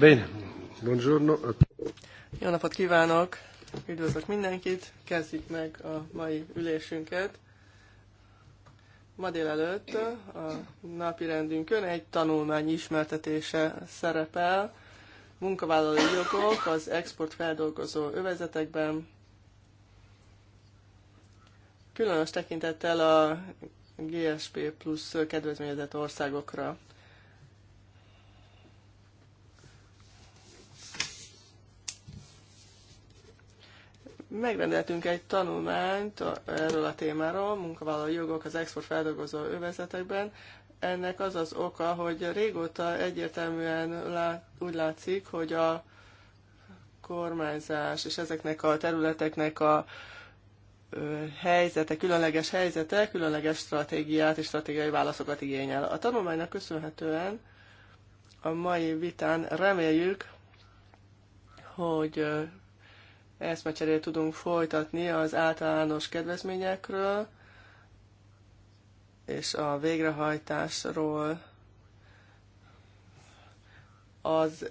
Bene, buongiorno. Jó napot kívánok! Üdvözlök mindenkit! Kezdjük meg a mai ülésünket. Ma délelőtt a napi rendünkön egy tanulmány ismertetése szerepel. Munkavállalói jogok az exportfeldolgozó övezetekben. Különös tekintettel a GSP plusz kedvezményezett országokra. Megrendeltünk egy tanulmányt erről a témáról, munkavállalói jogok az exportfeldolgozó övezetekben. Ennek az az oka, hogy régóta egyértelműen úgy látszik, hogy a kormányzás és ezeknek a területeknek a helyzete, különleges helyzete, különleges stratégiát és stratégiai válaszokat igényel. A tanulmánynak köszönhetően a mai vitán reméljük, hogy eszmecserét tudunk folytatni az általános kedvezményekről és a végrehajtásról. Az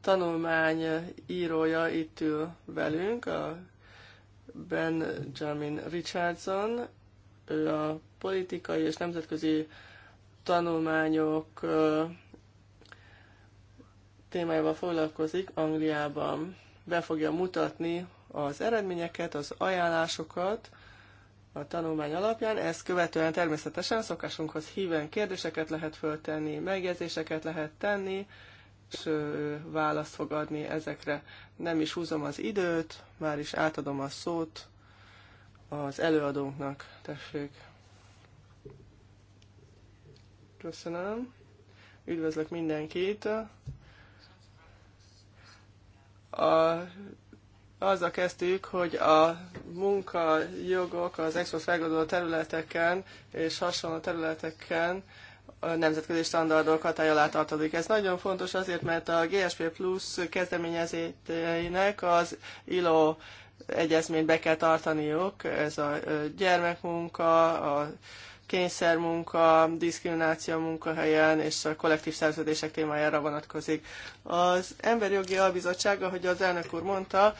tanulmány írója itt ül velünk, a Benjamin Richardson, ő a politikai és nemzetközi tanulmányok témájával foglalkozik Angliában be fogja mutatni az eredményeket, az ajánlásokat a tanulmány alapján. Ezt követően természetesen szokásunkhoz híven kérdéseket lehet föltenni, megjegyzéseket lehet tenni, és választ fog adni ezekre. Nem is húzom az időt, már is átadom a szót az előadónknak. Tessék! Köszönöm! Üdvözlök mindenkit! a, azzal kezdtük, hogy a munkajogok az export területeken és hasonló területeken nemzetközi standardok hatály alá tartozik. Ez nagyon fontos azért, mert a GSP Plus kezdeményezéteinek az ILO egyezményt be kell tartaniuk, ez a gyermekmunka, a kényszermunka, diszkrimináció munkahelyen és a kollektív szerződések témájára vonatkozik. Az Emberi Jogi Albizottság, ahogy az elnök úr mondta,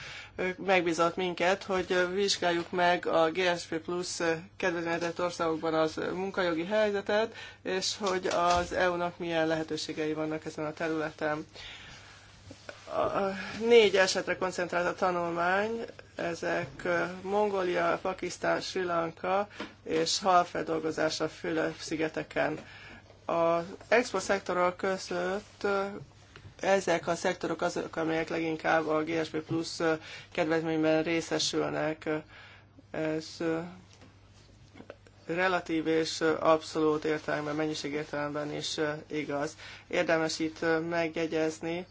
megbízott minket, hogy vizsgáljuk meg a GSP Plus kedvezményezett országokban az munkajogi helyzetet, és hogy az EU-nak milyen lehetőségei vannak ezen a területen a négy esetre koncentrált a tanulmány, ezek Mongolia, Pakisztán, Sri Lanka és halfeldolgozása Fülöp-szigeteken. Az szektorok között ezek a szektorok azok, amelyek leginkább a GSP Plus kedvezményben részesülnek. Ez relatív és abszolút értelemben, mennyiség értelemben is igaz. Érdemes itt megjegyezni,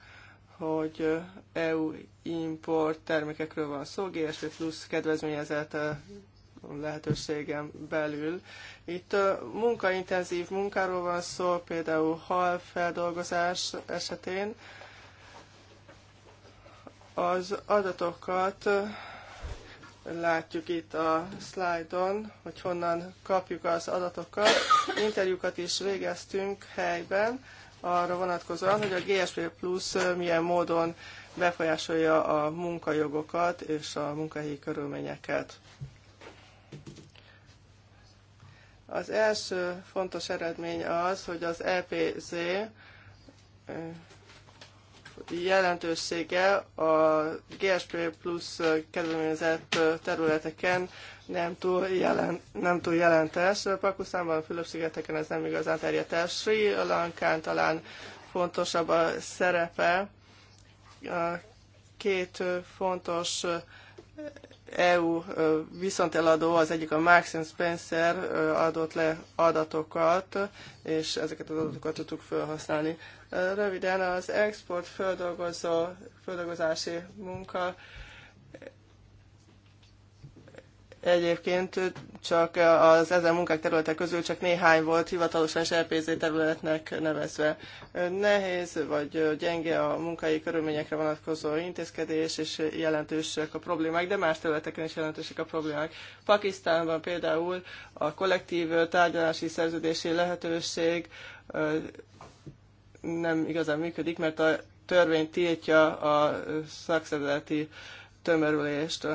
hogy EU import termékekről van szó, GSP plusz kedvezményezett lehetőségem belül. Itt munkaintenzív munkáról van szó, például hal feldolgozás esetén az adatokat látjuk itt a szlájdon, hogy honnan kapjuk az adatokat. Interjúkat is végeztünk helyben, arra vonatkozóan, hogy a GSP Plus milyen módon befolyásolja a munkajogokat és a munkahelyi körülményeket. Az első fontos eredmény az, hogy az EPZ jelentősége a GSP Plus kedvezményezett területeken nem túl, jelen, nem túl jelentes. Pakusztánban, a Fülöp-szigeteken ez nem igazán terjedt el. Sri Lankán talán fontosabb a szerepe. Két fontos EU viszonteladó, az egyik a Max Spencer adott le adatokat, és ezeket az adatokat tudtuk felhasználni. Röviden az export földolgozó, földolgozási munka Egyébként csak az ezen munkák területek közül csak néhány volt hivatalosan SRPZ területnek nevezve. Nehéz vagy gyenge a munkai körülményekre vonatkozó intézkedés, és jelentősek a problémák, de más területeken is jelentősek a problémák. Pakisztánban például a kollektív tárgyalási szerződési lehetőség nem igazán működik, mert a törvény tiltja a szakszervezeti tömörülést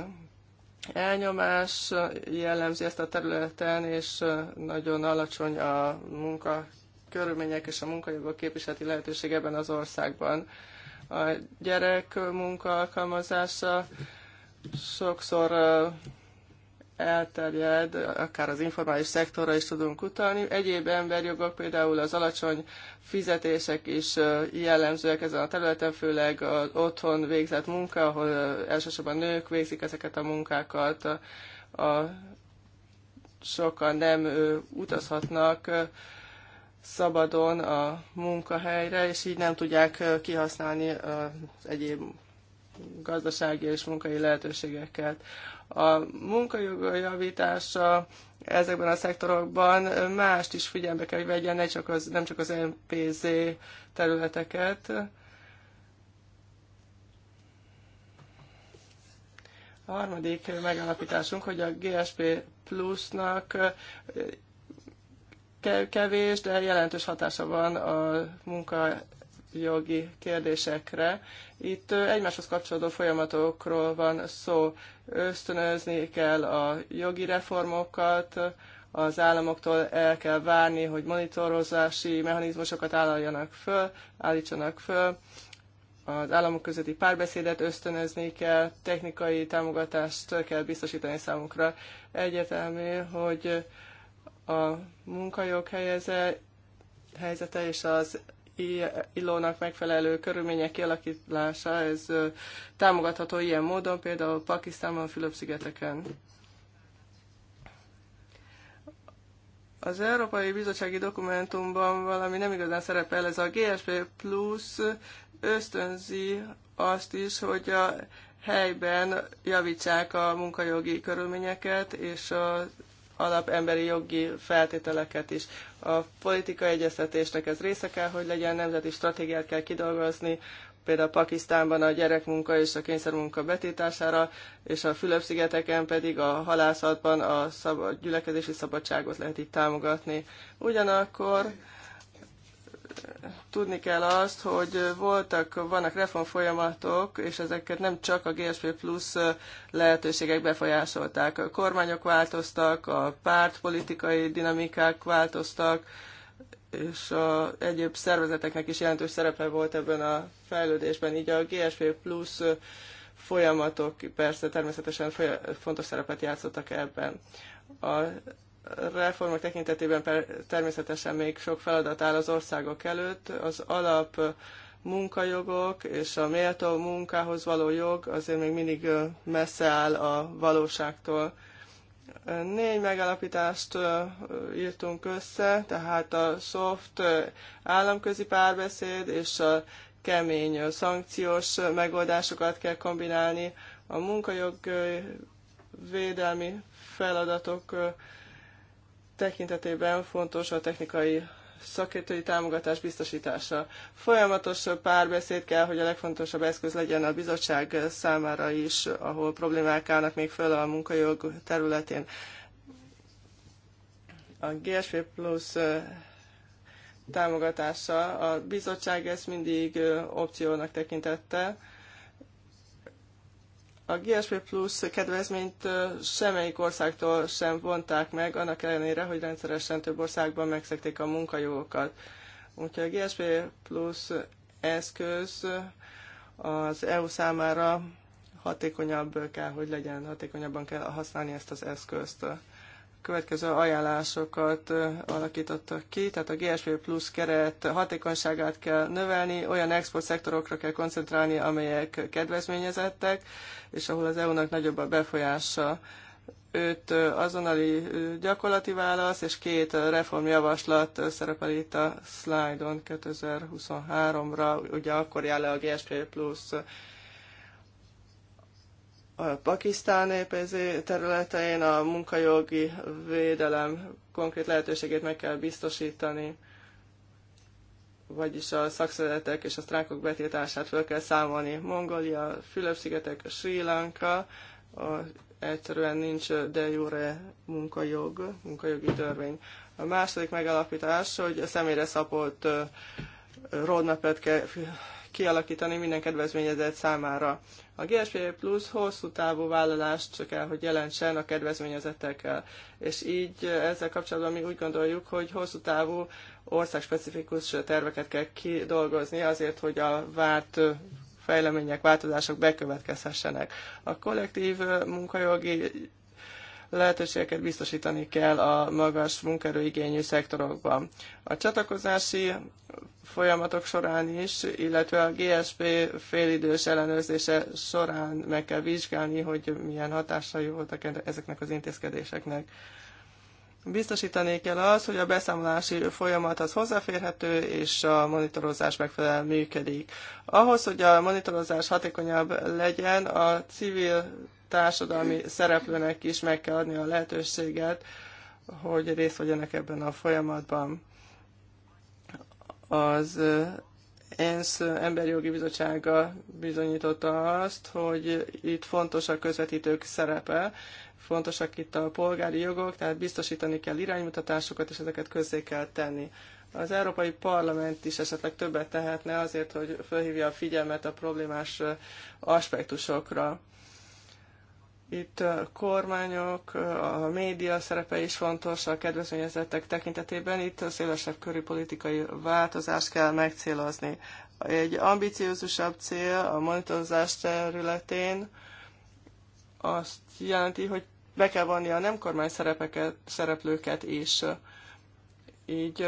elnyomás jellemzi ezt a területen, és nagyon alacsony a munka körülmények és a munkajogok képviseleti lehetőség ebben az országban. A gyerek munka alkalmazása sokszor elterjed, akár az informális szektorra is tudunk utalni. Egyéb emberjogok, például az alacsony fizetések is jellemzőek ezen a területen, főleg az otthon végzett munka, ahol elsősorban nők végzik ezeket a munkákat, a, sokan nem utazhatnak szabadon a munkahelyre, és így nem tudják kihasználni az egyéb gazdasági és munkai lehetőségeket. A munkajog javítása ezekben a szektorokban mást is figyelme kell, hogy vegyen, ne csak az, nem csak az MPZ területeket. A harmadik megállapításunk, hogy a GSP plusznak kevés, de jelentős hatása van a munkajogi kérdésekre. Itt egymáshoz kapcsolódó folyamatokról van szó ösztönözni kell a jogi reformokat, az államoktól el kell várni, hogy monitorozási mechanizmusokat állaljanak föl, állítsanak föl, az államok közötti párbeszédet ösztönözni kell, technikai támogatást kell biztosítani számukra. Egyetemű, hogy a munkajog helyeze, helyzete és az illónak megfelelő körülmények kialakítása, ez támogatható ilyen módon, például Pakisztánban, Fülöp-szigeteken. Az Európai Bizottsági Dokumentumban valami nem igazán szerepel, ez a GSP Plus ösztönzi azt is, hogy a helyben javítsák a munkajogi körülményeket és a alapemberi jogi feltételeket is. A politikai egyeztetésnek ez része kell, hogy legyen, nemzeti stratégiát kell kidolgozni, például Pakisztánban a gyerekmunka és a kényszermunka betétására és a Fülöp-szigeteken pedig a halászatban a, szab- a gyülekezési szabadságot lehet így támogatni. Ugyanakkor tudni kell azt, hogy voltak, vannak reformfolyamatok, és ezeket nem csak a GSP plusz lehetőségek befolyásolták. A kormányok változtak, a pártpolitikai dinamikák változtak, és a egyéb szervezeteknek is jelentős szerepe volt ebben a fejlődésben. Így a GSP plusz folyamatok persze természetesen fontos szerepet játszottak ebben. A reformok tekintetében per, természetesen még sok feladat áll az országok előtt. Az alap munkajogok és a méltó munkához való jog azért még mindig messze áll a valóságtól. Négy megalapítást írtunk össze, tehát a soft államközi párbeszéd és a kemény szankciós megoldásokat kell kombinálni. A munkajog védelmi feladatok tekintetében fontos a technikai szakértői támogatás biztosítása. Folyamatos párbeszéd kell, hogy a legfontosabb eszköz legyen a bizottság számára is, ahol problémák állnak még föl a munkajog területén. A GSP Plus támogatása a bizottság ezt mindig opciónak tekintette, a GSP Plus kedvezményt semmelyik országtól sem vonták meg, annak ellenére, hogy rendszeresen több országban megszekték a munkajogokat. Úgyhogy a GSP Plus eszköz az EU számára hatékonyabb kell, hogy legyen, hatékonyabban kell használni ezt az eszközt következő ajánlásokat alakítottak ki, tehát a GSP Plus keret hatékonyságát kell növelni, olyan export szektorokra kell koncentrálni, amelyek kedvezményezettek, és ahol az EU-nak nagyobb a befolyása. Öt azonnali gyakorlati válasz és két reformjavaslat szerepel itt a szlájdon 2023-ra, ugye akkor jár le a GSP Plus a Pakisztán területein a munkajogi védelem konkrét lehetőségét meg kell biztosítani, vagyis a szakszeretek és a sztrákok betiltását föl kell számolni. Mongolia, Fülöp-szigetek, Sri Lanka, a, egyszerűen nincs de jure munkajog, munkajogi törvény. A második megalapítás, hogy a személyre szapott roadmap kell kialakítani minden kedvezményezett számára a GSP Plus hosszú távú vállalást csak el, hogy jelentsen a kedvezményezetekkel. És így ezzel kapcsolatban mi úgy gondoljuk, hogy hosszú távú országspecifikus terveket kell kidolgozni azért, hogy a várt fejlemények, változások bekövetkezhessenek. A kollektív munkajogi lehetőségeket biztosítani kell a magas munkaerőigényű szektorokban. A csatlakozási folyamatok során is, illetve a GSP félidős ellenőrzése során meg kell vizsgálni, hogy milyen hatásai voltak ezeknek az intézkedéseknek. Biztosítani kell az, hogy a beszámolási folyamat az hozzáférhető, és a monitorozás megfelelően működik. Ahhoz, hogy a monitorozás hatékonyabb legyen, a civil társadalmi szereplőnek is meg kell adni a lehetőséget, hogy részt vegyenek ebben a folyamatban. Az ENSZ emberjogi bizottsága bizonyította azt, hogy itt fontos a közvetítők szerepe, fontosak itt a polgári jogok, tehát biztosítani kell iránymutatásokat, és ezeket közzé kell tenni. Az Európai Parlament is esetleg többet tehetne azért, hogy felhívja a figyelmet a problémás aspektusokra. Itt a kormányok, a média szerepe is fontos a kedvezményezettek tekintetében. Itt szélesebb körű politikai változást kell megcélozni. Egy ambiciózusabb cél a monitorozás területén azt jelenti, hogy be kell vonni a nem kormány szerepeket, szereplőket is. Így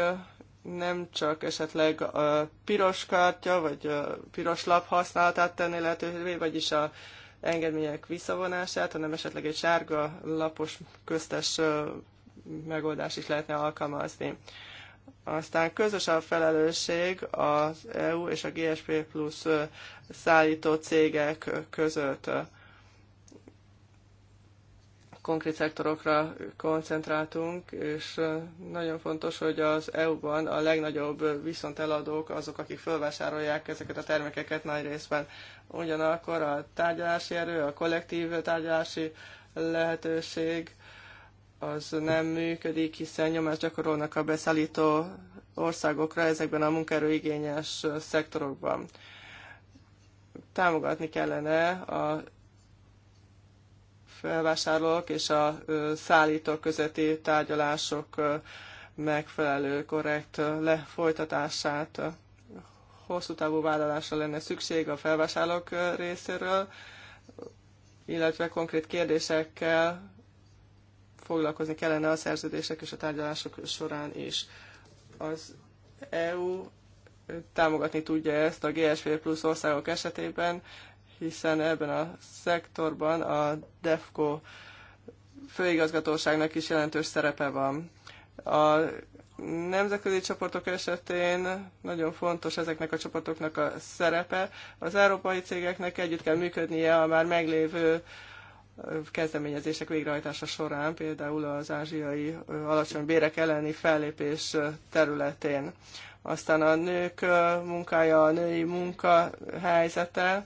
nem csak esetleg a piros kártya, vagy a piros lap használatát tenni lehetővé, vagyis a engedmények visszavonását, hanem esetleg egy sárga lapos köztes megoldás is lehetne alkalmazni. Aztán közös a felelősség az EU és a GSP plusz szállító cégek között konkrét szektorokra koncentráltunk, és nagyon fontos, hogy az EU-ban a legnagyobb viszonteladók azok, akik felvásárolják ezeket a termékeket nagy részben ugyanakkor a tárgyalási erő, a kollektív tárgyalási lehetőség az nem működik, hiszen nyomást gyakorolnak a beszállító országokra ezekben a munkaerőigényes szektorokban. Támogatni kellene a felvásárlók és a szállítók közötti tárgyalások megfelelő, korrekt lefolytatását hosszú távú vállalásra lenne szükség a felvásárlók részéről, illetve konkrét kérdésekkel foglalkozni kellene a szerződések és a tárgyalások során is. Az EU támogatni tudja ezt a GSP plusz országok esetében, hiszen ebben a szektorban a DEFCO főigazgatóságnak is jelentős szerepe van. A nemzetközi csoportok esetén nagyon fontos ezeknek a csoportoknak a szerepe. Az európai cégeknek együtt kell működnie a már meglévő kezdeményezések végrehajtása során, például az ázsiai alacsony bérek elleni fellépés területén. Aztán a nők munkája, a női munka helyzete,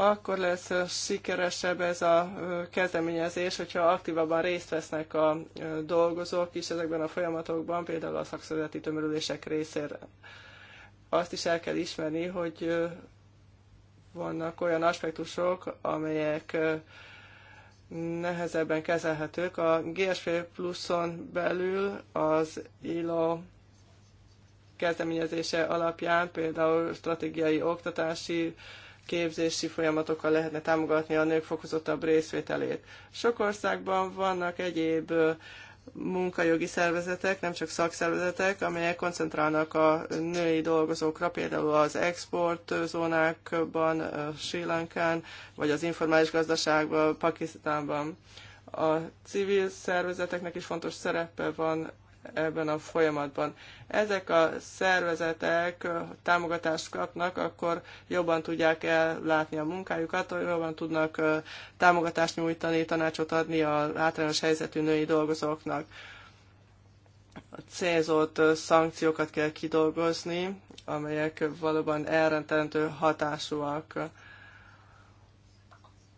akkor lesz sikeresebb ez a kezdeményezés, hogyha aktívabban részt vesznek a dolgozók is ezekben a folyamatokban, például a szakszervezeti tömörülések részére. Azt is el kell ismerni, hogy vannak olyan aspektusok, amelyek nehezebben kezelhetők. A GSP pluszon belül az ILO kezdeményezése alapján például stratégiai oktatási képzési folyamatokkal lehetne támogatni a nők fokozottabb részvételét. Sok országban vannak egyéb munkajogi szervezetek, nem csak szakszervezetek, amelyek koncentrálnak a női dolgozókra, például az exportzónákban, Sri Lankán, vagy az informális gazdaságban, Pakisztánban. A civil szervezeteknek is fontos szerepe van ebben a folyamatban. Ezek a szervezetek támogatást kapnak, akkor jobban tudják ellátni a munkájukat, jobban tudnak támogatást nyújtani, tanácsot adni a általános helyzetű női dolgozóknak. A célzott szankciókat kell kidolgozni, amelyek valóban elrendelendő hatásúak.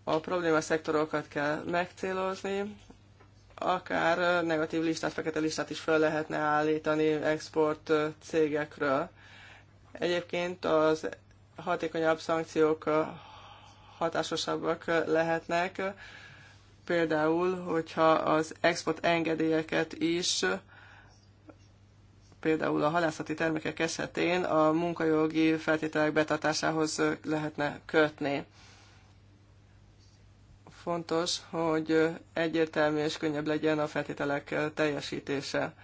A probléma szektorokat kell megcélozni, akár negatív listát, fekete listát is fel lehetne állítani export cégekről. Egyébként az hatékonyabb szankciók hatásosabbak lehetnek, például, hogyha az export engedélyeket is például a halászati termékek esetén a munkajogi feltételek betartásához lehetne kötni fontos, hogy egyértelmű és könnyebb legyen a feltételek teljesítése.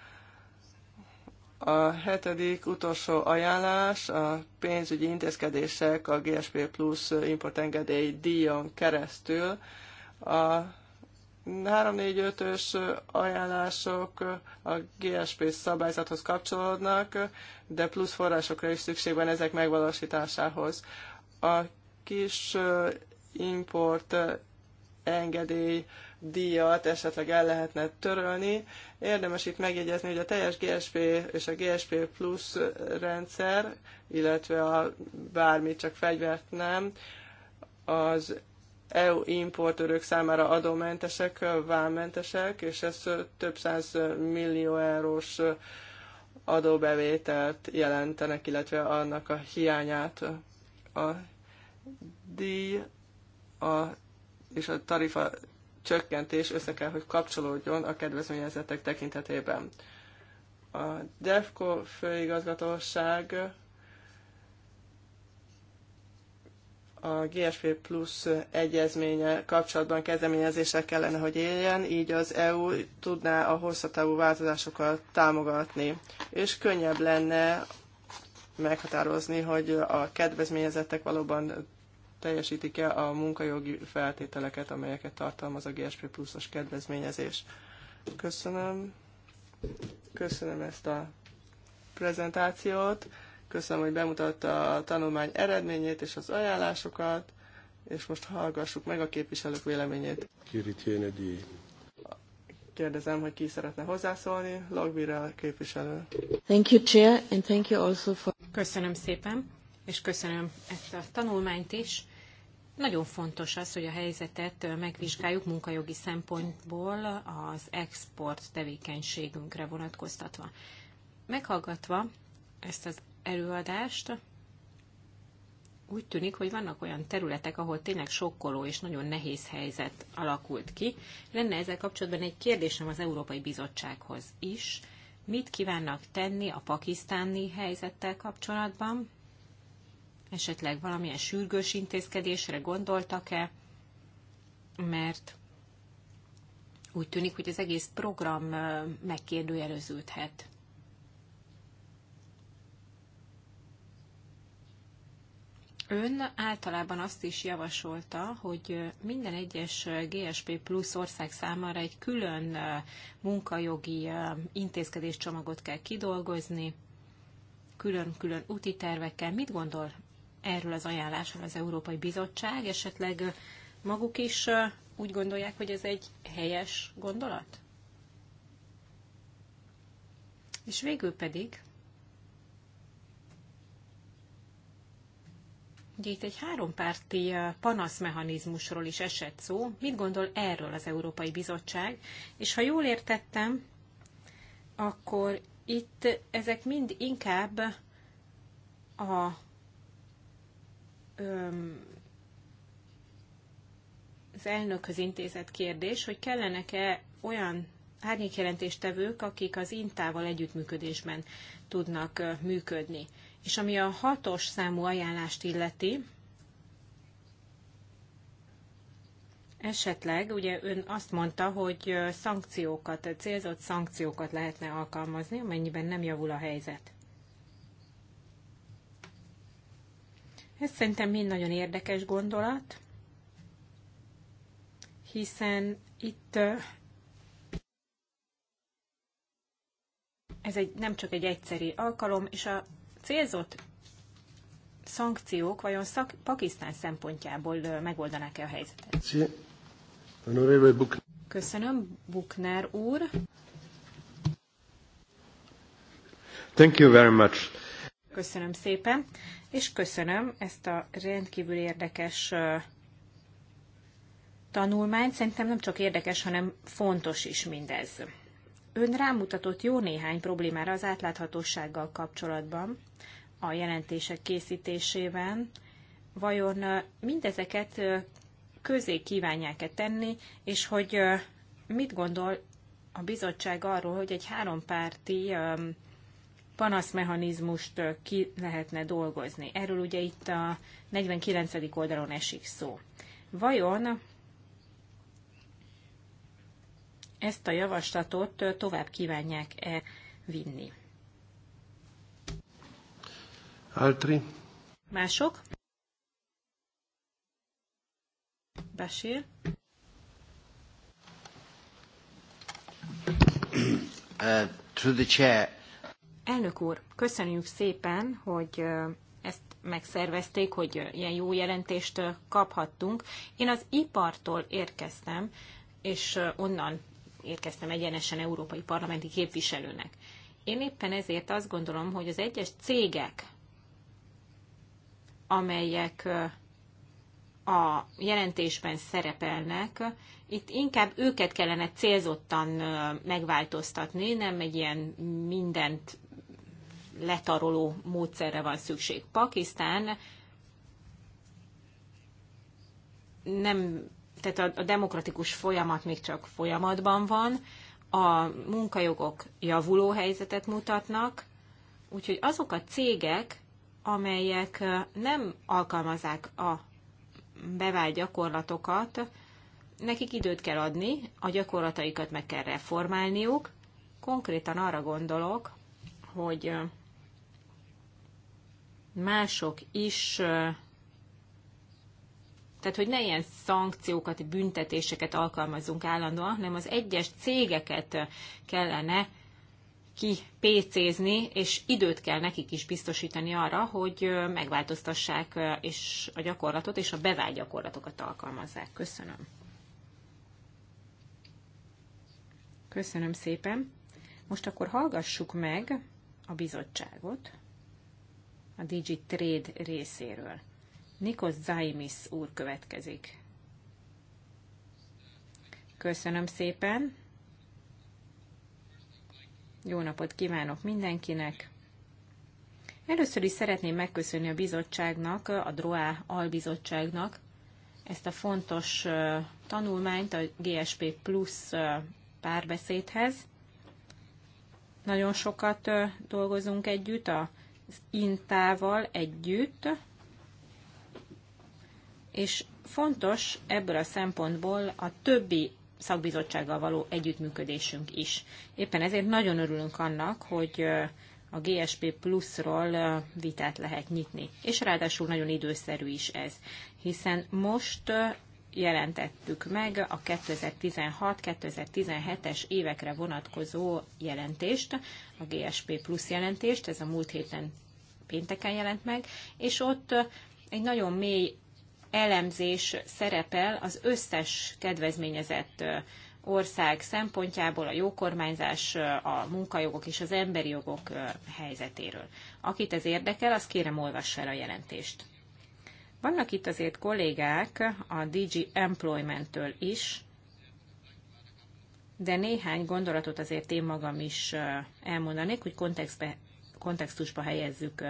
A hetedik utolsó ajánlás a pénzügyi intézkedések a GSP Plus importengedély díjon keresztül. A 3-4-5-ös ajánlások a GSP szabályzathoz kapcsolódnak, de plusz forrásokra is szükség van ezek megvalósításához. A kis import engedély díjat esetleg el lehetne törölni. Érdemes itt megjegyezni, hogy a teljes GSP és a GSP Plus rendszer, illetve a bármit, csak fegyvert nem, az EU importőrök számára adómentesek, vámmentesek, és ez több száz millió eurós adóbevételt jelentenek, illetve annak a hiányát. A díj a és a tarifa csökkentés össze kell, hogy kapcsolódjon a kedvezményezettek tekintetében. A DEFCO főigazgatóság a GSP Plus egyezménye kapcsolatban kezdeményezések kellene, hogy éljen, így az EU tudná a hosszatávú változásokat támogatni, és könnyebb lenne meghatározni, hogy a kedvezményezettek valóban teljesítik-e a munkajogi feltételeket, amelyeket tartalmaz a GSP pluszos kedvezményezés. Köszönöm. Köszönöm ezt a prezentációt. Köszönöm, hogy bemutatta a tanulmány eredményét és az ajánlásokat, és most hallgassuk meg a képviselők véleményét. Kérdezem, hogy ki szeretne hozzászólni. Logbira képviselő. Thank you, Chair, and thank you also for... Köszönöm szépen és köszönöm ezt a tanulmányt is. Nagyon fontos az, hogy a helyzetet megvizsgáljuk munkajogi szempontból az export tevékenységünkre vonatkoztatva. Meghallgatva ezt az előadást, úgy tűnik, hogy vannak olyan területek, ahol tényleg sokkoló és nagyon nehéz helyzet alakult ki. Lenne ezzel kapcsolatban egy kérdésem az Európai Bizottsághoz is. Mit kívánnak tenni a pakisztáni helyzettel kapcsolatban? Esetleg valamilyen sürgős intézkedésre gondoltak-e? Mert úgy tűnik, hogy az egész program megkérdőjeleződhet. Ön általában azt is javasolta, hogy minden egyes GSP plusz ország számára egy külön munkajogi intézkedéscsomagot kell kidolgozni, külön-külön úti tervekkel. Mit gondol erről az ajánlásról az Európai Bizottság? Esetleg maguk is úgy gondolják, hogy ez egy helyes gondolat? És végül pedig, ugye itt egy hárompárti panaszmechanizmusról is esett szó. Mit gondol erről az Európai Bizottság? És ha jól értettem, akkor itt ezek mind inkább a az elnökhöz intézett kérdés, hogy kellenek-e olyan árnyékjelentéstevők, akik az intával együttműködésben tudnak működni. És ami a hatos számú ajánlást illeti, esetleg, ugye ön azt mondta, hogy szankciókat, célzott szankciókat lehetne alkalmazni, amennyiben nem javul a helyzet. Ez szerintem mind nagyon érdekes gondolat, hiszen itt ez egy, nem csak egy egyszeri alkalom, és a célzott szankciók vajon szak, Pakisztán szempontjából megoldanák-e a helyzetet? Köszönöm, Bukner úr. Thank you very much. Köszönöm szépen, és köszönöm ezt a rendkívül érdekes tanulmányt. Szerintem nem csak érdekes, hanem fontos is mindez. Ön rámutatott jó néhány problémára az átláthatósággal kapcsolatban, a jelentések készítésében. Vajon mindezeket közé kívánják-e tenni, és hogy mit gondol a bizottság arról, hogy egy hárompárti panaszmechanizmust ki lehetne dolgozni. Erről ugye itt a 49. oldalon esik szó. Vajon ezt a javaslatot tovább kívánják-e vinni? Altri. Mások? Basír. Uh, through the chair, Elnök úr, köszönjük szépen, hogy ezt megszervezték, hogy ilyen jó jelentést kaphattunk. Én az ipartól érkeztem, és onnan érkeztem egyenesen európai parlamenti képviselőnek. Én éppen ezért azt gondolom, hogy az egyes cégek, amelyek a jelentésben szerepelnek, itt inkább őket kellene célzottan megváltoztatni, nem egy ilyen mindent letaroló módszerre van szükség. Pakisztán nem, tehát a, a demokratikus folyamat még csak folyamatban van, a munkajogok javuló helyzetet mutatnak, úgyhogy azok a cégek, amelyek nem alkalmazák a bevált gyakorlatokat, nekik időt kell adni, a gyakorlataikat meg kell reformálniuk. Konkrétan arra gondolok, hogy mások is, tehát hogy ne ilyen szankciókat, büntetéseket alkalmazzunk állandóan, hanem az egyes cégeket kellene PC-zni, és időt kell nekik is biztosítani arra, hogy megváltoztassák és a gyakorlatot, és a bevált gyakorlatokat alkalmazzák. Köszönöm. Köszönöm szépen. Most akkor hallgassuk meg a bizottságot a DG Trade részéről. Nikos Zaimis úr következik. Köszönöm szépen! Jó napot kívánok mindenkinek! Először is szeretném megköszönni a bizottságnak, a DROA albizottságnak ezt a fontos tanulmányt a GSP Plus párbeszédhez. Nagyon sokat dolgozunk együtt a Intával együtt, és fontos ebből a szempontból a többi szakbizottsággal való együttműködésünk is. Éppen ezért nagyon örülünk annak, hogy a GSP pluszról vitát lehet nyitni. És ráadásul nagyon időszerű is ez, hiszen most jelentettük meg a 2016-2017-es évekre vonatkozó jelentést, a GSP Plus jelentést, ez a múlt héten pénteken jelent meg, és ott egy nagyon mély elemzés szerepel az összes kedvezményezett ország szempontjából a jókormányzás, a munkajogok és az emberi jogok helyzetéről. Akit ez érdekel, az kérem olvassa el a jelentést. Vannak itt azért kollégák a DG Employment-től is, de néhány gondolatot azért én magam is elmondanék, hogy kontextbe, kontextusba helyezzük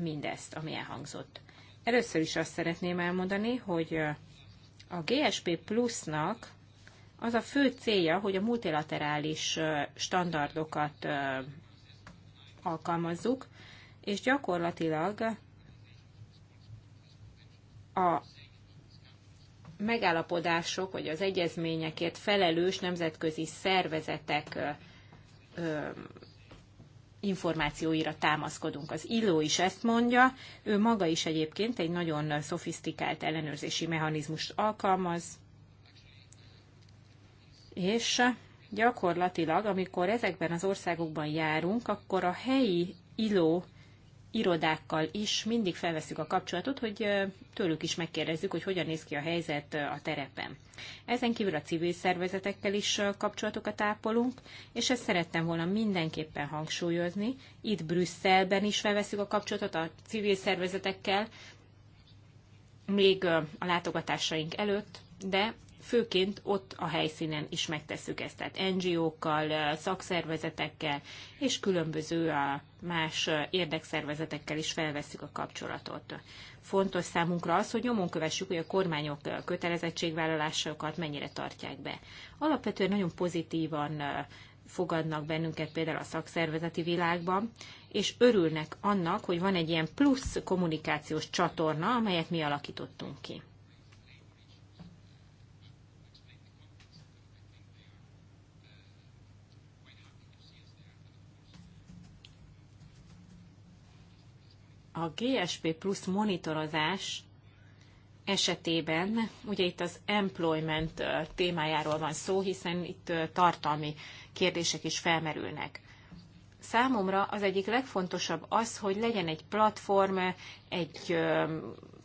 mindezt, ami elhangzott. Először is azt szeretném elmondani, hogy a GSP Plusnak az a fő célja, hogy a multilaterális standardokat alkalmazzuk, és gyakorlatilag a megállapodások vagy az egyezményekért felelős nemzetközi szervezetek információira támaszkodunk. Az Illó is ezt mondja, ő maga is egyébként egy nagyon szofisztikált ellenőrzési mechanizmust alkalmaz, és gyakorlatilag, amikor ezekben az országokban járunk, akkor a helyi ILO irodákkal is mindig felveszük a kapcsolatot, hogy tőlük is megkérdezzük, hogy hogyan néz ki a helyzet a terepen. Ezen kívül a civil szervezetekkel is kapcsolatokat ápolunk, és ezt szerettem volna mindenképpen hangsúlyozni. Itt Brüsszelben is felveszük a kapcsolatot a civil szervezetekkel, még a látogatásaink előtt, de főként ott a helyszínen is megtesszük ezt, tehát NGO-kkal, szakszervezetekkel és különböző más érdekszervezetekkel is felveszük a kapcsolatot. Fontos számunkra az, hogy nyomon kövessük, hogy a kormányok kötelezettségvállalásokat mennyire tartják be. Alapvetően nagyon pozitívan fogadnak bennünket például a szakszervezeti világban, és örülnek annak, hogy van egy ilyen plusz kommunikációs csatorna, amelyet mi alakítottunk ki. a GSP plusz monitorozás esetében, ugye itt az employment témájáról van szó, hiszen itt tartalmi kérdések is felmerülnek. Számomra az egyik legfontosabb az, hogy legyen egy platform, egy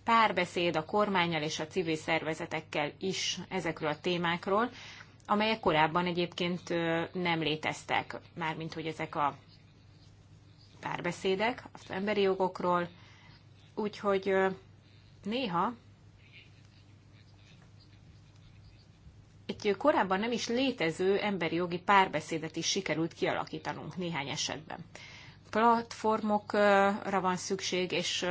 párbeszéd a kormányjal és a civil szervezetekkel is ezekről a témákról, amelyek korábban egyébként nem léteztek, mármint hogy ezek a párbeszédek az emberi jogokról, úgyhogy néha egy korábban nem is létező emberi jogi párbeszédet is sikerült kialakítanunk néhány esetben platformokra van szükség, és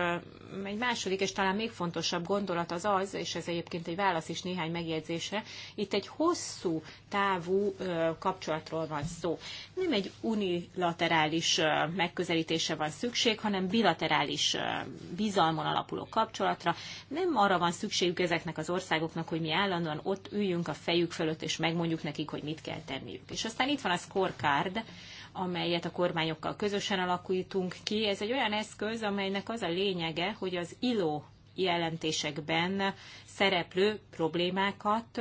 egy második, és talán még fontosabb gondolat az az, és ez egyébként egy válasz is néhány megjegyzése, itt egy hosszú távú kapcsolatról van szó. Nem egy unilaterális megközelítése van szükség, hanem bilaterális bizalmon alapuló kapcsolatra. Nem arra van szükségük ezeknek az országoknak, hogy mi állandóan ott üljünk a fejük fölött, és megmondjuk nekik, hogy mit kell tenniük. És aztán itt van a scorecard, amelyet a kormányokkal közösen alakítunk ki. Ez egy olyan eszköz, amelynek az a lényege, hogy az ILO jelentésekben szereplő problémákat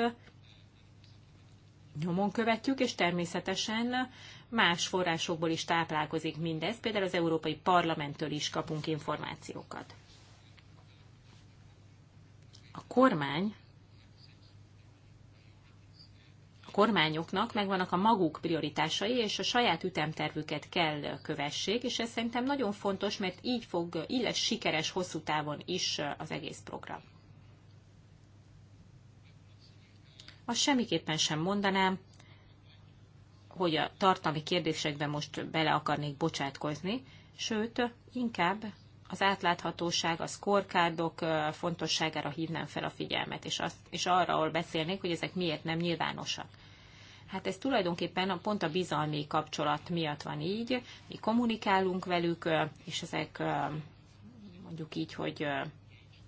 nyomon követjük, és természetesen más forrásokból is táplálkozik mindez, például az Európai Parlamenttől is kapunk információkat. A kormány kormányoknak megvannak a maguk prioritásai, és a saját ütemtervüket kell kövessék, és ez szerintem nagyon fontos, mert így fog, így lesz sikeres hosszú távon is az egész program. Azt semmiképpen sem mondanám, hogy a tartalmi kérdésekben most bele akarnék bocsátkozni, sőt, inkább az átláthatóság, a scorecardok fontosságára hívnám fel a figyelmet, és, azt, és arra, ahol beszélnék, hogy ezek miért nem nyilvánosak. Hát ez tulajdonképpen a, pont a bizalmi kapcsolat miatt van így. Mi kommunikálunk velük, és ezek mondjuk így, hogy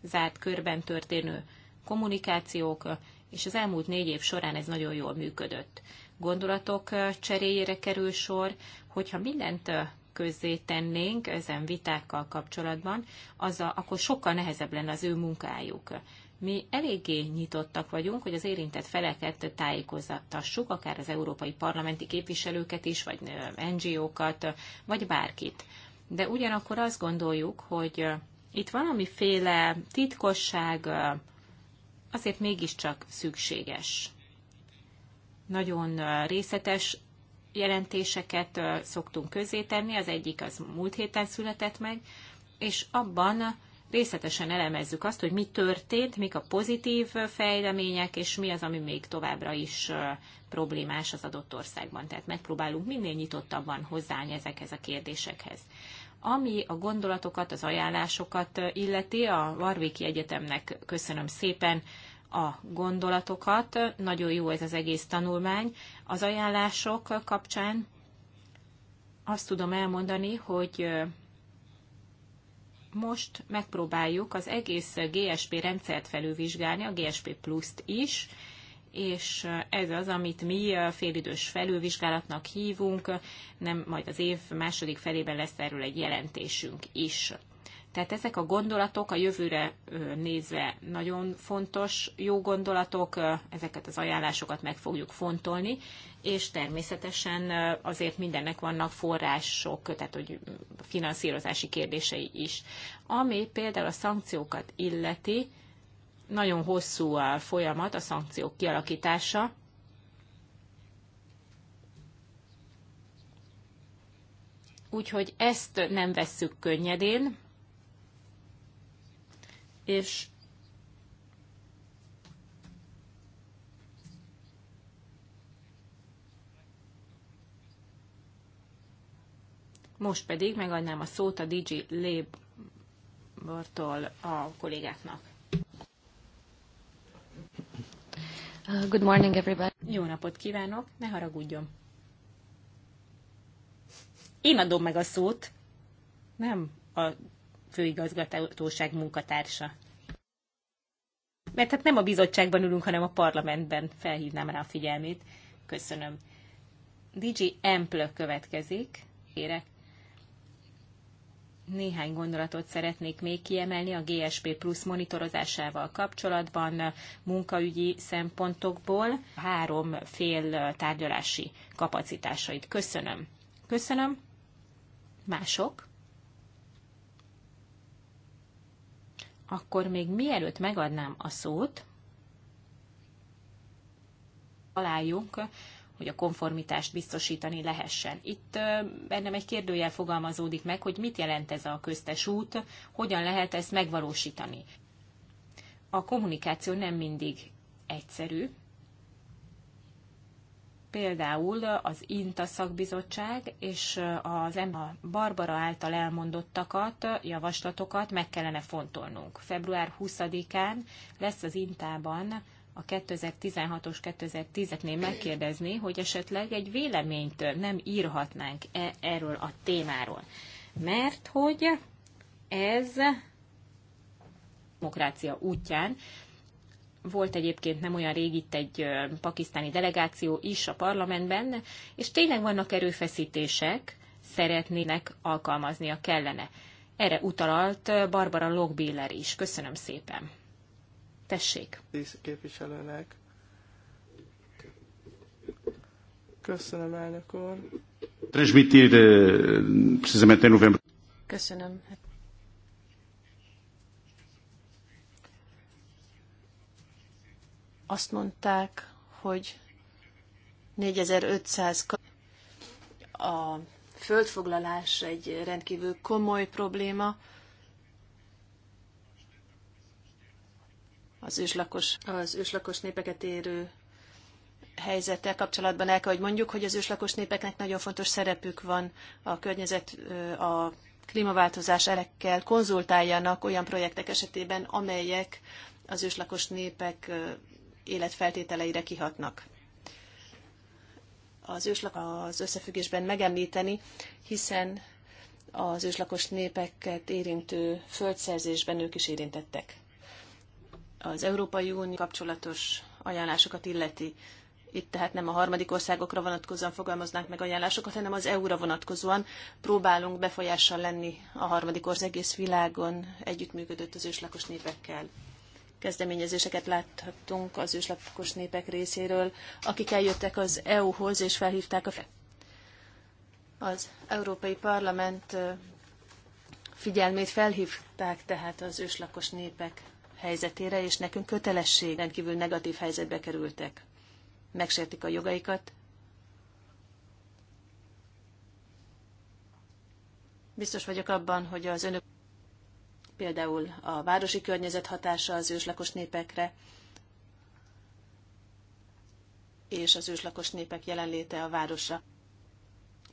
zárt körben történő kommunikációk, és az elmúlt négy év során ez nagyon jól működött. Gondolatok cseréjére kerül sor, hogyha mindent közzé tennénk ezen vitákkal kapcsolatban, az a, akkor sokkal nehezebb lenne az ő munkájuk mi eléggé nyitottak vagyunk, hogy az érintett feleket tájékoztassuk, akár az európai parlamenti képviselőket is, vagy NGO-kat, vagy bárkit. De ugyanakkor azt gondoljuk, hogy itt valamiféle titkosság azért mégiscsak szükséges. Nagyon részletes jelentéseket szoktunk közzétenni, az egyik az múlt héten született meg, és abban részletesen elemezzük azt, hogy mi történt, mik a pozitív fejlemények, és mi az, ami még továbbra is problémás az adott országban. Tehát megpróbálunk minél nyitottabban hozzáállni ezekhez a kérdésekhez. Ami a gondolatokat, az ajánlásokat illeti, a Varvéki Egyetemnek köszönöm szépen a gondolatokat. Nagyon jó ez az egész tanulmány. Az ajánlások kapcsán azt tudom elmondani, hogy most megpróbáljuk az egész GSP rendszert felülvizsgálni, a GSP Plus-t is, és ez az, amit mi félidős felülvizsgálatnak hívunk, nem majd az év második felében lesz erről egy jelentésünk is. Tehát ezek a gondolatok a jövőre nézve nagyon fontos, jó gondolatok, ezeket az ajánlásokat meg fogjuk fontolni, és természetesen azért mindennek vannak források, tehát hogy finanszírozási kérdései is. Ami például a szankciókat illeti, nagyon hosszú a folyamat a szankciók kialakítása, úgyhogy ezt nem vesszük könnyedén, és Most pedig megadnám a szót a DJ Labortól a kollégáknak. Uh, good morning, everybody. Jó napot kívánok, ne haragudjon. Én adom meg a szót, nem a főigazgatóság munkatársa. Mert hát nem a bizottságban ülünk, hanem a parlamentben felhívnám rá a figyelmét. Köszönöm. DJ Ample következik. Kérek. Néhány gondolatot szeretnék még kiemelni a GSP Plus monitorozásával kapcsolatban munkaügyi szempontokból három fél tárgyalási kapacitásait. Köszönöm. Köszönöm. Mások? akkor még mielőtt megadnám a szót, találjuk, hogy a konformitást biztosítani lehessen. Itt bennem egy kérdőjel fogalmazódik meg, hogy mit jelent ez a köztes út, hogyan lehet ezt megvalósítani. A kommunikáció nem mindig egyszerű, például az INTA szakbizottság és az EMA Barbara által elmondottakat, javaslatokat meg kellene fontolnunk. Február 20-án lesz az INTA-ban a 2016-os 2010-nél megkérdezni, hogy esetleg egy véleményt nem írhatnánk -e erről a témáról. Mert hogy ez demokrácia útján volt egyébként nem olyan rég itt egy pakisztáni delegáció is a parlamentben, és tényleg vannak erőfeszítések, szeretnének alkalmaznia kellene. Erre utalalt Barbara Logbiller is. Köszönöm szépen. Tessék. Képviselőnek. Köszönöm, elnök úr. Eh, Köszönöm. Hát azt mondták, hogy 4500 a földfoglalás egy rendkívül komoly probléma. Az őslakos, az őslakos népeket érő helyzettel kapcsolatban el kell, hogy mondjuk, hogy az őslakos népeknek nagyon fontos szerepük van a környezet, a klímaváltozás elekkel konzultáljanak olyan projektek esetében, amelyek az őslakos népek életfeltételeire kihatnak. Az őslak az összefüggésben megemlíteni, hiszen az őslakos népeket érintő földszerzésben ők is érintettek. Az Európai Unió kapcsolatos ajánlásokat illeti. Itt tehát nem a harmadik országokra vonatkozóan fogalmaznánk meg ajánlásokat, hanem az EU-ra vonatkozóan próbálunk befolyással lenni a harmadik ország egész világon együttműködött az őslakos népekkel kezdeményezéseket láthattunk az őslakos népek részéről, akik eljöttek az EU-hoz és felhívták a fe. Az Európai Parlament figyelmét felhívták tehát az őslakos népek helyzetére, és nekünk kötelesség rendkívül negatív helyzetbe kerültek. Megsértik a jogaikat. Biztos vagyok abban, hogy az önök például a városi környezet hatása az őslakos népekre, és az őslakos népek jelenléte a városra.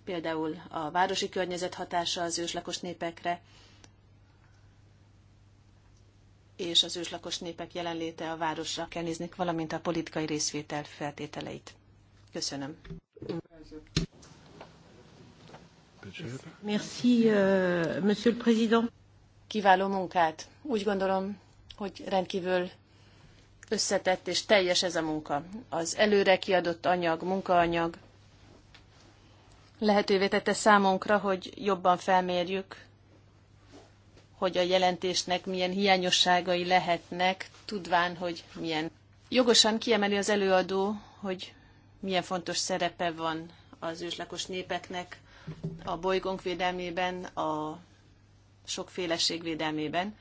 Például a városi környezet hatása az őslakos népekre, és az őslakos népek jelenléte a városra kell nézni, valamint a politikai részvétel feltételeit. Köszönöm. Merci, euh, Monsieur le Président kiváló munkát. Úgy gondolom, hogy rendkívül összetett és teljes ez a munka. Az előre kiadott anyag, munkaanyag lehetővé tette számunkra, hogy jobban felmérjük, hogy a jelentésnek milyen hiányosságai lehetnek, tudván, hogy milyen. Jogosan kiemeli az előadó, hogy milyen fontos szerepe van az őslakos népeknek a bolygónk védelmében, a sokféleség védelmében.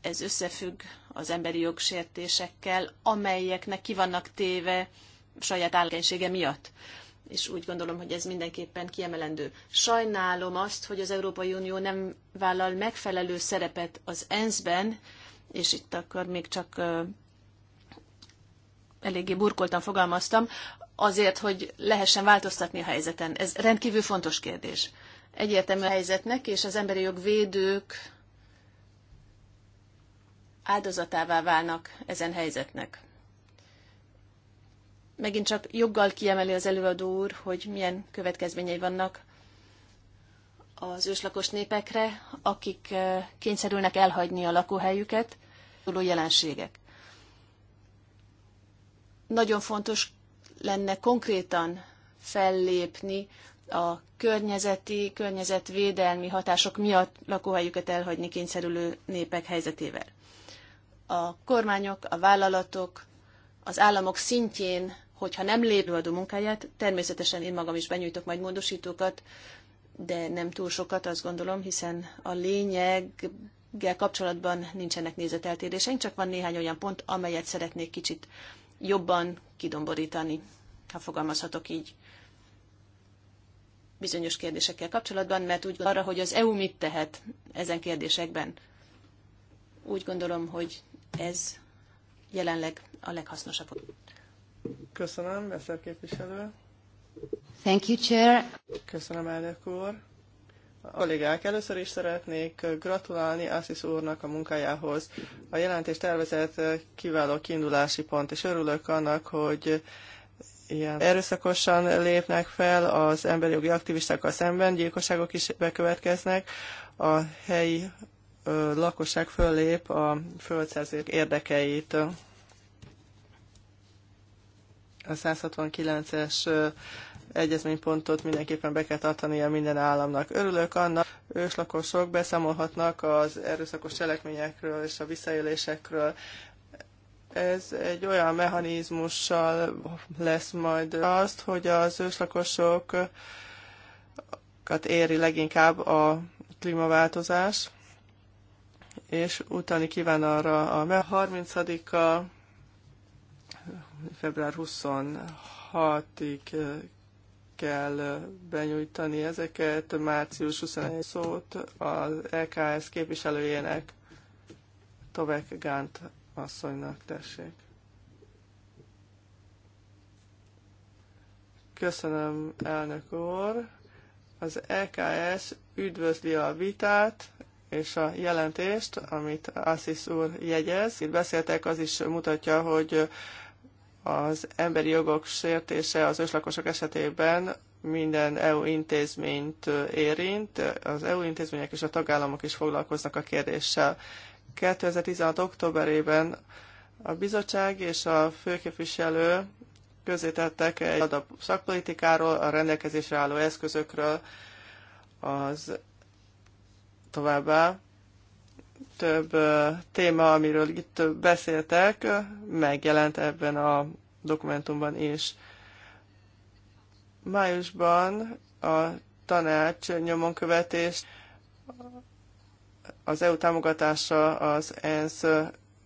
Ez összefügg az emberi jogsértésekkel, amelyeknek ki vannak téve saját állkénysége miatt. És úgy gondolom, hogy ez mindenképpen kiemelendő. Sajnálom azt, hogy az Európai Unió nem vállal megfelelő szerepet az ENSZ-ben, és itt akkor még csak eléggé burkoltan fogalmaztam, azért, hogy lehessen változtatni a helyzeten. Ez rendkívül fontos kérdés egyértelmű a helyzetnek, és az emberi jogvédők áldozatává válnak ezen helyzetnek. Megint csak joggal kiemeli az előadó úr, hogy milyen következményei vannak az őslakos népekre, akik eh, kényszerülnek elhagyni a lakóhelyüket, túló jelenségek. Nagyon fontos lenne konkrétan fellépni a környezeti, környezetvédelmi hatások miatt lakóhelyüket elhagyni kényszerülő népek helyzetével. A kormányok, a vállalatok, az államok szintjén, hogyha nem lépőadó munkáját, természetesen én magam is benyújtok majd módosítókat, de nem túl sokat, azt gondolom, hiszen a lényeggel kapcsolatban nincsenek nézeteltéréseink, csak van néhány olyan pont, amelyet szeretnék kicsit jobban kidomborítani, ha fogalmazhatok így bizonyos kérdésekkel kapcsolatban, mert úgy arra, hogy az EU mit tehet ezen kérdésekben. Úgy gondolom, hogy ez jelenleg a leghasznosabb. Köszönöm, Veszer képviselő. Thank you, Chair. Köszönöm, elnök úr. A kollégák, először is szeretnék gratulálni Assis úrnak a munkájához. A jelentés tervezet kiváló kiindulási pont, és örülök annak, hogy ilyen erőszakosan lépnek fel az emberi jogi aktivistákkal szemben, gyilkosságok is bekövetkeznek, a helyi ö, lakosság föllép a földszerzők érdekeit. A 169-es egyezménypontot mindenképpen be kell tartania minden államnak. Örülök annak, őslakosok beszámolhatnak az erőszakos cselekményekről és a visszaélésekről. Ez egy olyan mechanizmussal lesz majd azt, hogy az őslakosokat éri leginkább a klímaváltozás, és utáni kíván arra a 30 -a, február 26-ig kell benyújtani ezeket, március 21 szót az LKS képviselőjének, Tovek Gánt asszonynak, tessék. Köszönöm, elnök úr. Az EKS üdvözli a vitát és a jelentést, amit Assis úr jegyez. Itt beszéltek, az is mutatja, hogy az emberi jogok sértése az őslakosok esetében minden EU intézményt érint. Az EU intézmények és a tagállamok is foglalkoznak a kérdéssel. 2016. októberében a bizottság és a főképviselő közzétettek egy a szakpolitikáról, a rendelkezésre álló eszközökről, az továbbá több téma, amiről itt beszéltek, megjelent ebben a dokumentumban is. Májusban a tanács nyomon követés az EU támogatása az ENSZ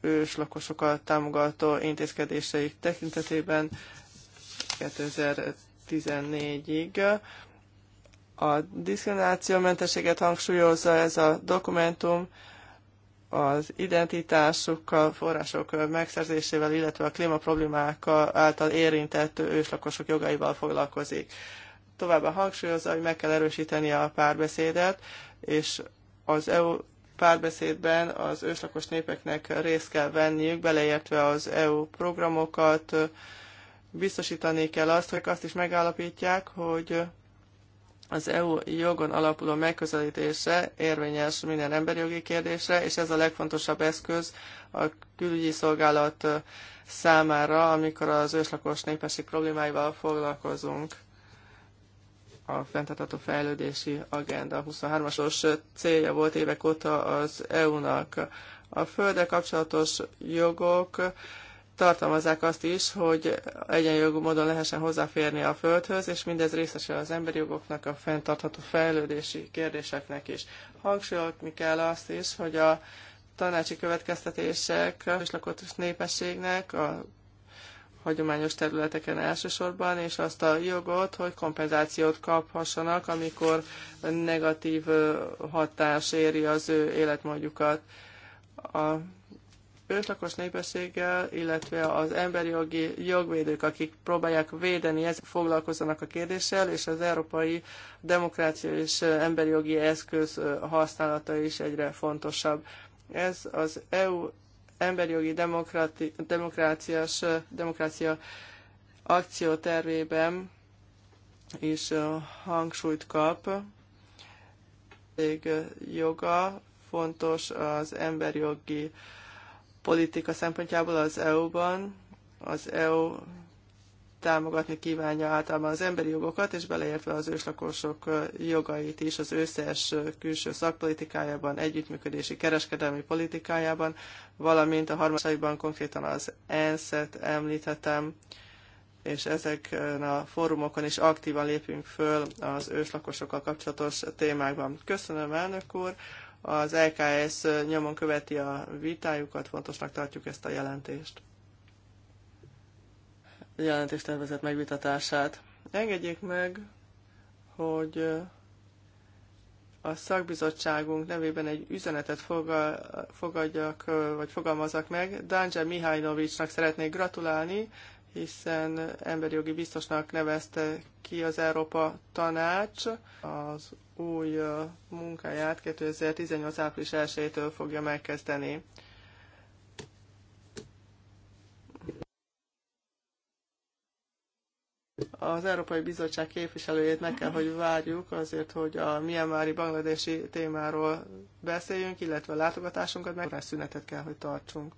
őslakosokat támogató intézkedéseik tekintetében 2014-ig. A diszkriminációmentességet hangsúlyozza ez a dokumentum, az identitásukkal, források megszerzésével, illetve a klímaproblémák által érintett őslakosok jogaival foglalkozik. Továbbá hangsúlyozza, hogy meg kell erősíteni a párbeszédet, és az EU párbeszédben az őslakos népeknek részt kell venniük, beleértve az EU programokat, biztosítani kell azt, hogy azt is megállapítják, hogy az EU jogon alapuló megközelítése érvényes minden emberi jogi kérdésre, és ez a legfontosabb eszköz a külügyi szolgálat számára, amikor az őslakos népesség problémáival foglalkozunk a fenntartható fejlődési agenda 23 asos célja volt évek óta az EU-nak. A földre kapcsolatos jogok tartalmazzák azt is, hogy egyenjogú módon lehessen hozzáférni a földhöz, és mindez részese az emberi jogoknak, a fenntartható fejlődési kérdéseknek is. Hangsúlyozni kell azt is, hogy a tanácsi következtetések és lakott népességnek, a hagyományos területeken elsősorban, és azt a jogot, hogy kompenzációt kaphassanak, amikor negatív hatás éri az ő életmódjukat. A őslakos népességgel, illetve az emberi jogi jogvédők, akik próbálják védeni, ez foglalkozzanak a kérdéssel, és az európai demokrácia és emberi jogi eszköz használata is egyre fontosabb. Ez az EU emberi demokrati, demokráciás, demokrácia akciótervében is hangsúlyt kap. joga fontos az emberjogi politika szempontjából az EU-ban. Az EU támogatni kívánja általában az emberi jogokat, és beleértve az őslakosok jogait is az összes külső szakpolitikájában, együttműködési, kereskedelmi politikájában, valamint a harmadikban konkrétan az ENSZ-et említhetem, és ezeken a fórumokon is aktívan lépünk föl az őslakosokkal kapcsolatos témákban. Köszönöm, elnök úr! Az LKS nyomon követi a vitájukat, fontosnak tartjuk ezt a jelentést jelentéstervezet megvitatását. Engedjék meg, hogy a szakbizottságunk nevében egy üzenetet fogadjak, vagy fogalmazak meg. Dánzse Mihajlovicsnak szeretnék gratulálni, hiszen emberi jogi biztosnak nevezte ki az Európa Tanács. Az új munkáját 2018. április 1-től fogja megkezdeni. az Európai Bizottság képviselőjét meg kell, hogy várjuk azért, hogy a Myanmari bangladesi témáról beszéljünk, illetve a látogatásunkat meg szünetet kell, hogy tartsunk.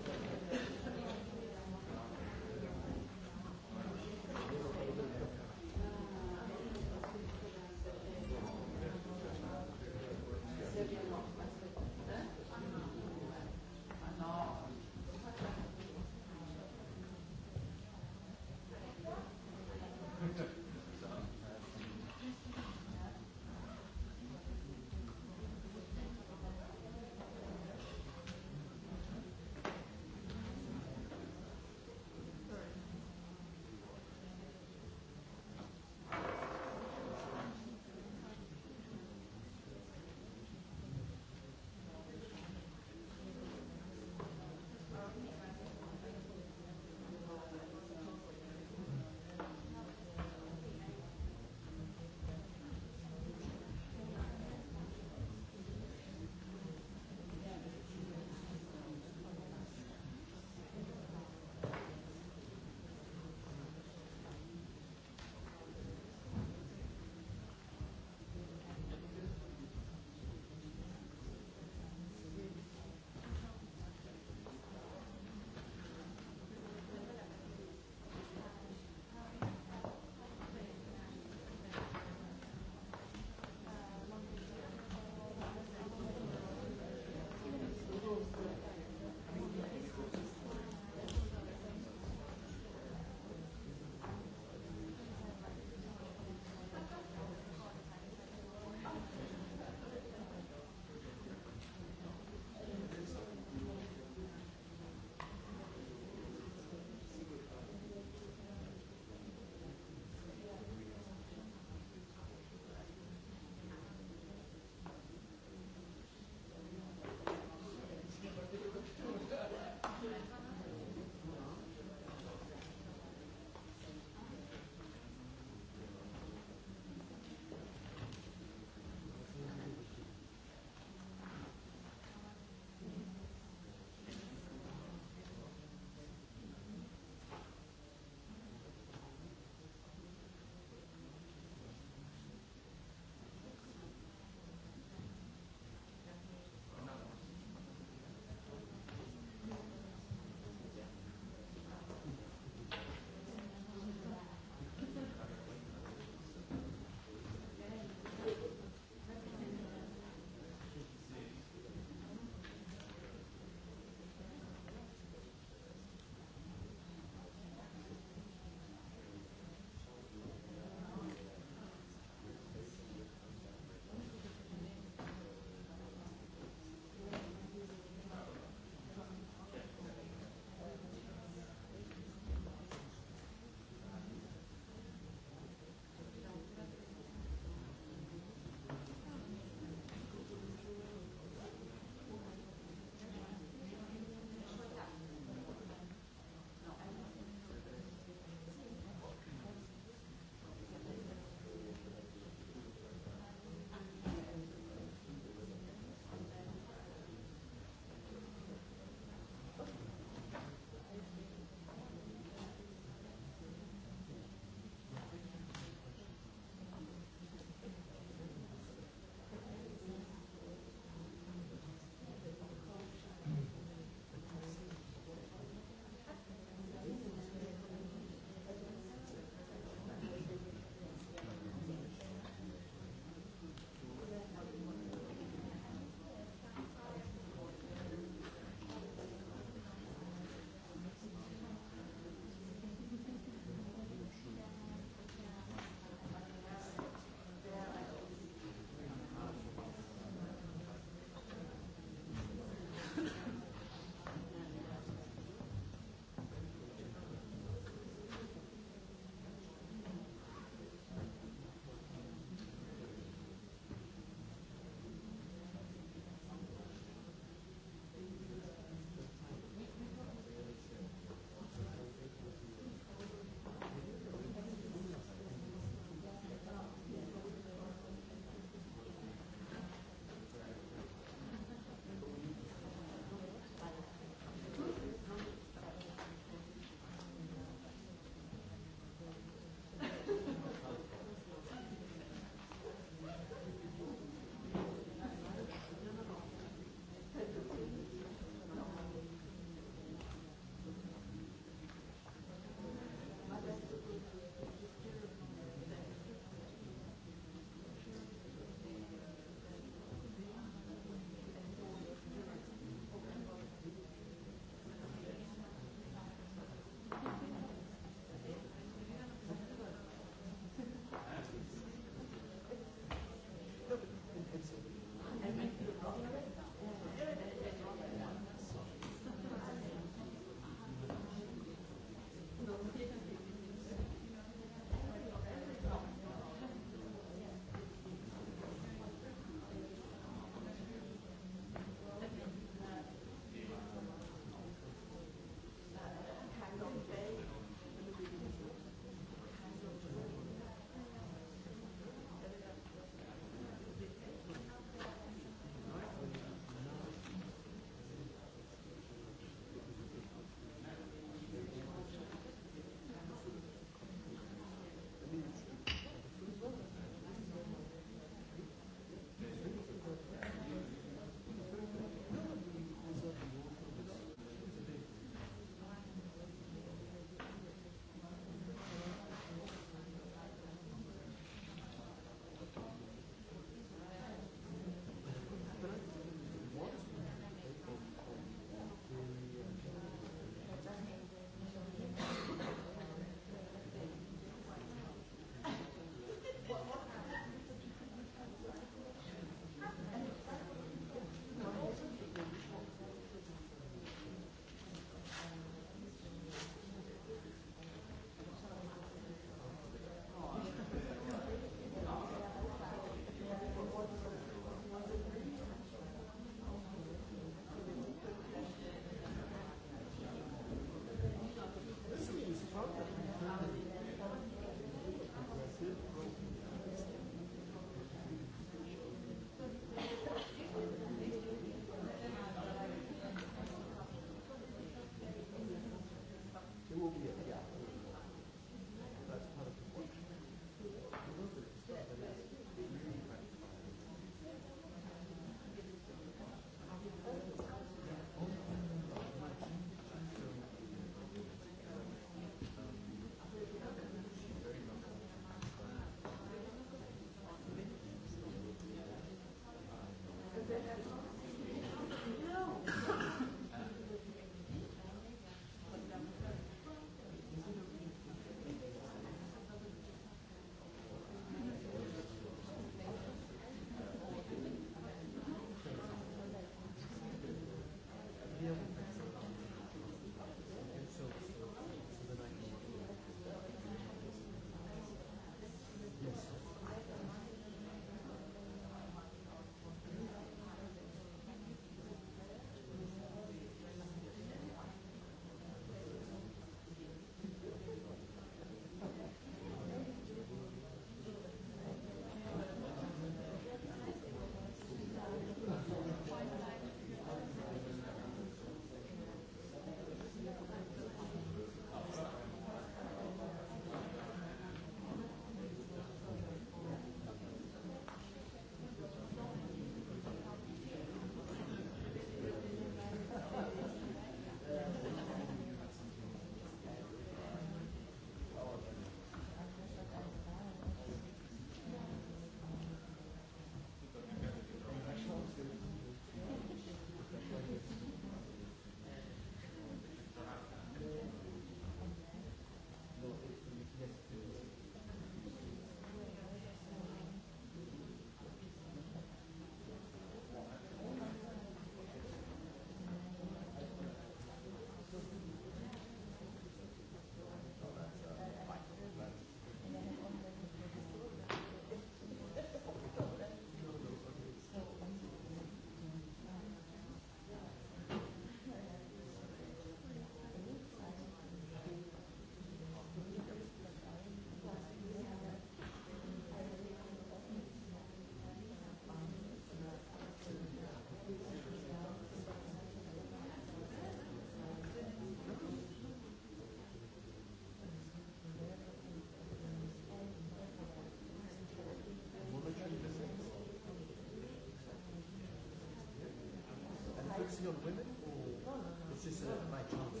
focusing on women, or no, no, no. it's just uh, my chance?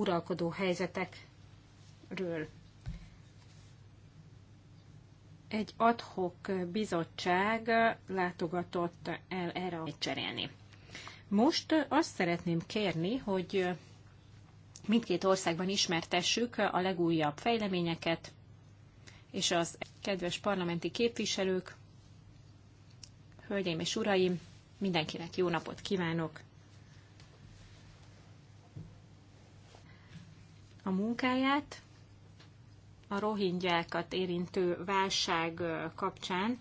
uralkodó helyzetekről. Egy adhok bizottság látogatott el erre a cserélni. Most azt szeretném kérni, hogy mindkét országban ismertessük a legújabb fejleményeket, és az kedves parlamenti képviselők, hölgyeim és uraim, mindenkinek jó napot kívánok! munkáját a rohingyákat érintő válság kapcsán,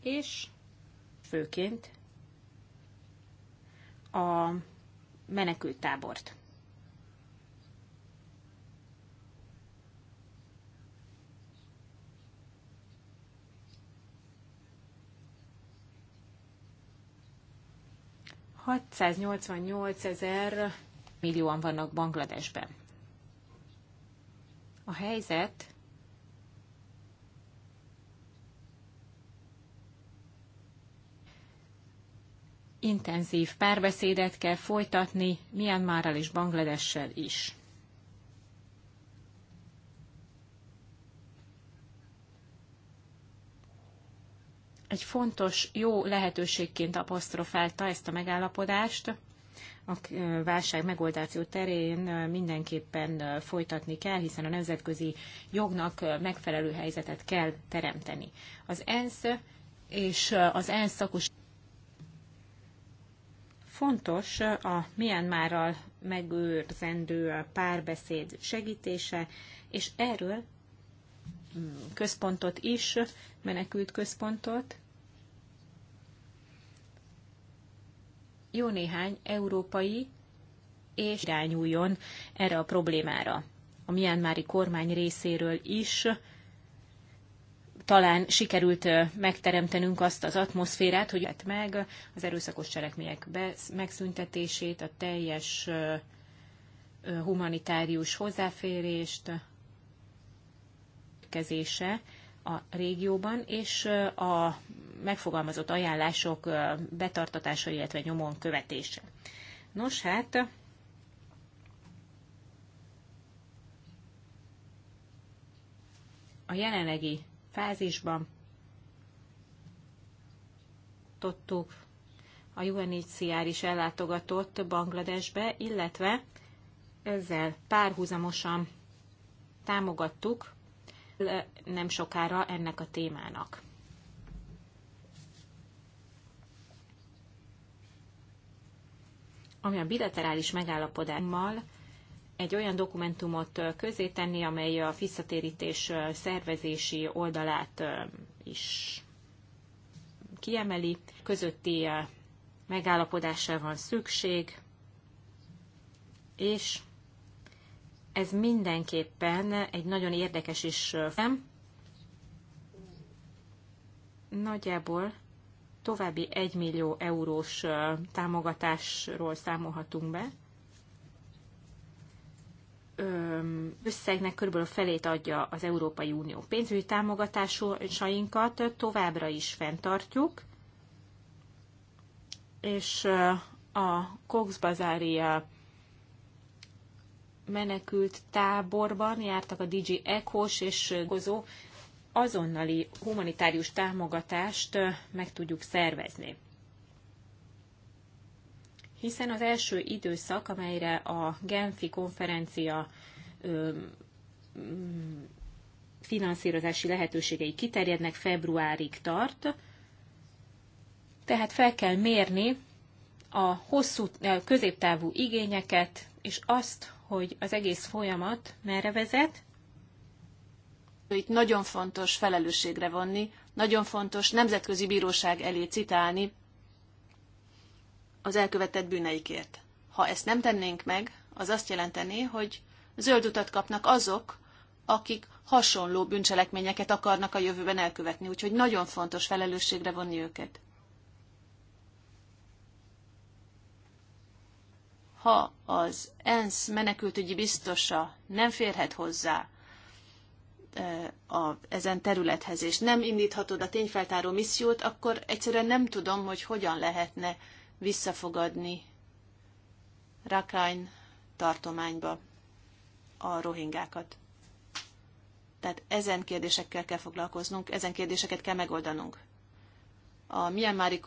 és főként a menekültábort. ezer millióan vannak Bangladesben. A helyzet intenzív párbeszédet kell folytatni Myanmarral és Bangladessel is. Egy fontos, jó lehetőségként apostrofálta ezt a megállapodást a válság megoldáció terén mindenképpen folytatni kell, hiszen a nemzetközi jognak megfelelő helyzetet kell teremteni. Az ENSZ és az ENSZ szakos fontos a Myanmarral megőrzendő párbeszéd segítése, és erről mm, központot is, menekült központot jó néhány európai és irányuljon erre a problémára. A Mianmári kormány részéről is talán sikerült megteremtenünk azt az atmoszférát, hogy hát meg az erőszakos cselekmények megszüntetését, a teljes humanitárius hozzáférést, kezése a régióban, és a megfogalmazott ajánlások betartatása, illetve nyomon követése. Nos hát, a jelenlegi fázisban tottuk a UNHCR is ellátogatott Bangladesbe, illetve ezzel párhuzamosan támogattuk nem sokára ennek a témának. Ami a bilaterális megállapodásmal egy olyan dokumentumot közé tenni, amely a visszatérítés szervezési oldalát is kiemeli. Közötti megállapodásra van szükség, és ez mindenképpen egy nagyon érdekes is nem. Nagyjából további 1 millió eurós támogatásról számolhatunk be. Összegnek körülbelül felét adja az Európai Unió pénzügyi támogatásainkat, továbbra is fenntartjuk, és a Bazária menekült táborban jártak a DJ Ekos és Gozó, azonnali humanitárius támogatást meg tudjuk szervezni. Hiszen az első időszak, amelyre a Genfi konferencia mm, finanszírozási lehetőségei kiterjednek, februárig tart, tehát fel kell mérni a hosszú, középtávú igényeket, és azt, hogy az egész folyamat merre vezet. Itt nagyon fontos felelősségre vonni, nagyon fontos nemzetközi bíróság elé citálni az elkövetett bűneikért. Ha ezt nem tennénk meg, az azt jelenteni, hogy zöld utat kapnak azok, akik hasonló bűncselekményeket akarnak a jövőben elkövetni, úgyhogy nagyon fontos felelősségre vonni őket. ha az ENSZ menekültügyi biztosa nem férhet hozzá a, ezen területhez, és nem indíthatod a tényfeltáró missziót, akkor egyszerűen nem tudom, hogy hogyan lehetne visszafogadni Rakhine tartományba a rohingákat. Tehát ezen kérdésekkel kell foglalkoznunk, ezen kérdéseket kell megoldanunk. A Myanmari